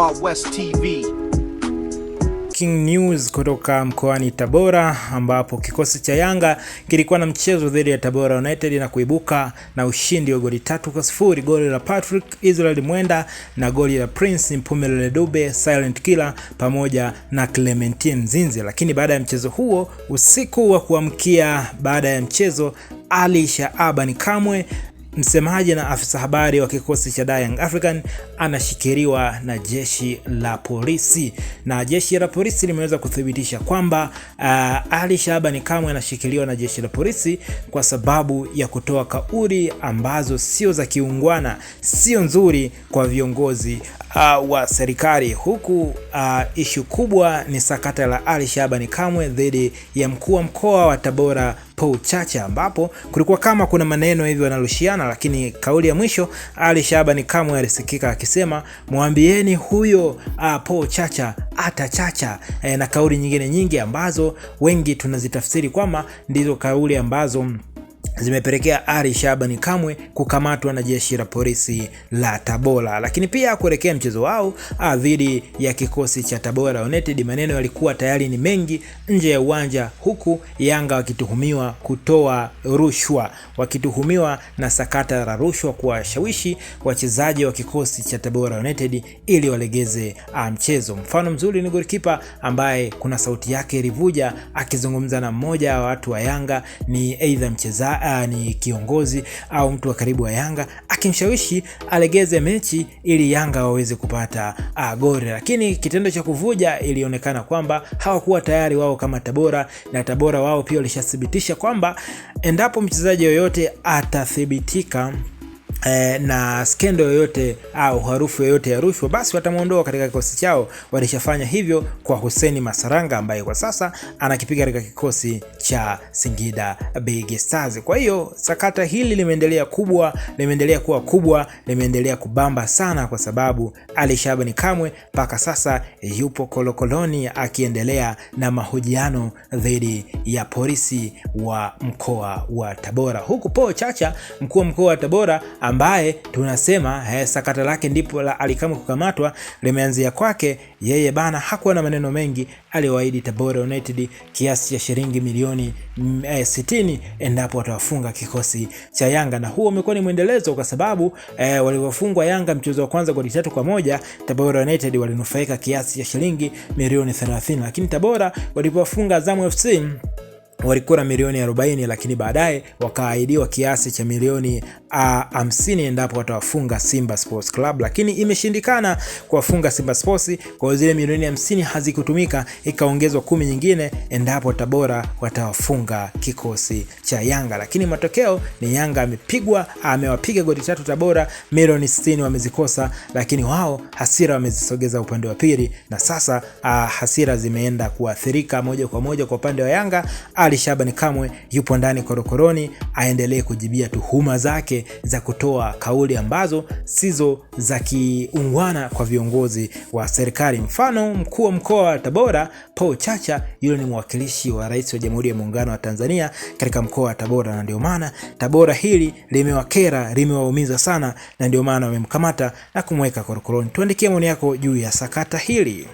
Wild West TV. King News kutoka mkoani Tabora ambapo kikosi cha Yanga kilikuwa na mchezo dhidi ya Tabora United na kuibuka na ushindi wa goli tatu kwa sifuri, goli la Patrick Israel Mwenda na goli la Prince Mpumelele Dube, Silent Killer pamoja na Clementine Zinzi. Lakini baada ya mchezo huo, usiku wa kuamkia baada ya mchezo, Ali Shaabani Kamwe Msemaji na afisa habari wa kikosi cha Young African anashikiliwa na jeshi la polisi, na jeshi la polisi limeweza kuthibitisha kwamba uh, Ali Shabani Kamwe anashikiliwa na jeshi la polisi kwa sababu ya kutoa kauli ambazo sio za kiungwana, sio nzuri kwa viongozi uh, wa serikali, huku uh, ishu kubwa ni sakata la Ali Shabani Kamwe dhidi ya mkuu wa mkoa wa Tabora Paul Chacha, ambapo kulikuwa kama kuna maneno hivi wanarushiana, lakini kauli ya mwisho Ali Shabani kamwe alisikika akisema mwambieni huyo uh, ah, Paul Chacha hata eh, Chacha e, na kauli nyingine nyingi ambazo wengi tunazitafsiri kwamba ndizo kauli ambazo zimepelekea Ally Shabani Kamwe kukamatwa na jeshi la polisi la Tabora, lakini pia kuelekea mchezo wao ah, dhidi ya kikosi cha Tabora United, maneno yalikuwa tayari ni mengi nje ya uwanja, huku Yanga wakituhumiwa kutoa rushwa, wakituhumiwa na sakata la rushwa, kuwashawishi wachezaji wa kikosi cha Tabora United ili walegeze ah, mchezo. Mfano mzuri ni golikipa ambaye kuna sauti yake ilivuja akizungumza na mmoja wa watu wa Yanga, ni aidha mchezaji uh, ni kiongozi au mtu wa karibu wa Yanga akimshawishi alegeze mechi ili Yanga waweze kupata uh, goli, lakini kitendo cha kuvuja ilionekana kwamba hawakuwa tayari wao kama Tabora, na Tabora wao pia walishathibitisha kwamba endapo mchezaji yoyote atathibitika E, na skendo yoyote au harufu yoyote ya rushwa, basi watamwondoa katika kikosi chao. Walishafanya hivyo kwa Hussein Masaranga ambaye kwa sasa anakipiga katika kikosi cha Singida Big Stars. Kwa hiyo sakata hili limeendelea kubwa, limeendelea kuwa kubwa, limeendelea kubamba sana, kwa sababu Ali Shabani Kamwe mpaka sasa yupo kolokoloni akiendelea na mahojiano dhidi ya polisi wa mkoa wa Tabora, huku Po Chacha mkuu wa mkoa wa Tabora ambaye tunasema eh, sakata lake ndipo la Ally-Kamwe kukamatwa limeanzia kwake yeye bana. Hakuwa na maneno mengi, aliwaahidi Tabora United kiasi cha shilingi milioni 60 mm, eh, endapo watawafunga kikosi cha Yanga, na huo umekuwa ni mwendelezo kwa sababu eh, walivyofungwa Yanga mchezo wa kwanza goli tatu kwa moja, Tabora United walinufaika kiasi cha shilingi milioni 30, lakini Tabora walipowafunga Azam FC walikula milioni 40 lakini baadaye wakaahidiwa kiasi cha milioni 50 ah, endapo watawafunga Simba Sports Club, lakini imeshindikana kuwafunga Simba Sports. Kwa hiyo zile milioni 50 hazikutumika, ikaongezwa kumi nyingine endapo Tabora watawafunga kikosi cha Yanga. Lakini matokeo ni Yanga amepigwa, amewapiga goli tatu Tabora, milioni 60 wamezikosa, lakini wao hasira wamezisogeza upande wa pili, na sasa ah, hasira zimeenda kuathirika moja kwa moja kwa upande wa Yanga. Ali Shaban Kamwe yupo ndani korokoroni aendelee kujibia tuhuma zake za kutoa kauli ambazo sizo za kiungwana kwa viongozi wa serikali. Mfano, mkuu wa mkoa wa Tabora Paul Chacha, yule ni mwakilishi wa rais wa Jamhuri ya Muungano wa Tanzania katika mkoa wa Tabora, na ndio maana Tabora hili limewakera, limewaumiza sana, na ndio maana wamemkamata na kumweka korokoroni. Tuandikie maoni yako juu ya sakata hili.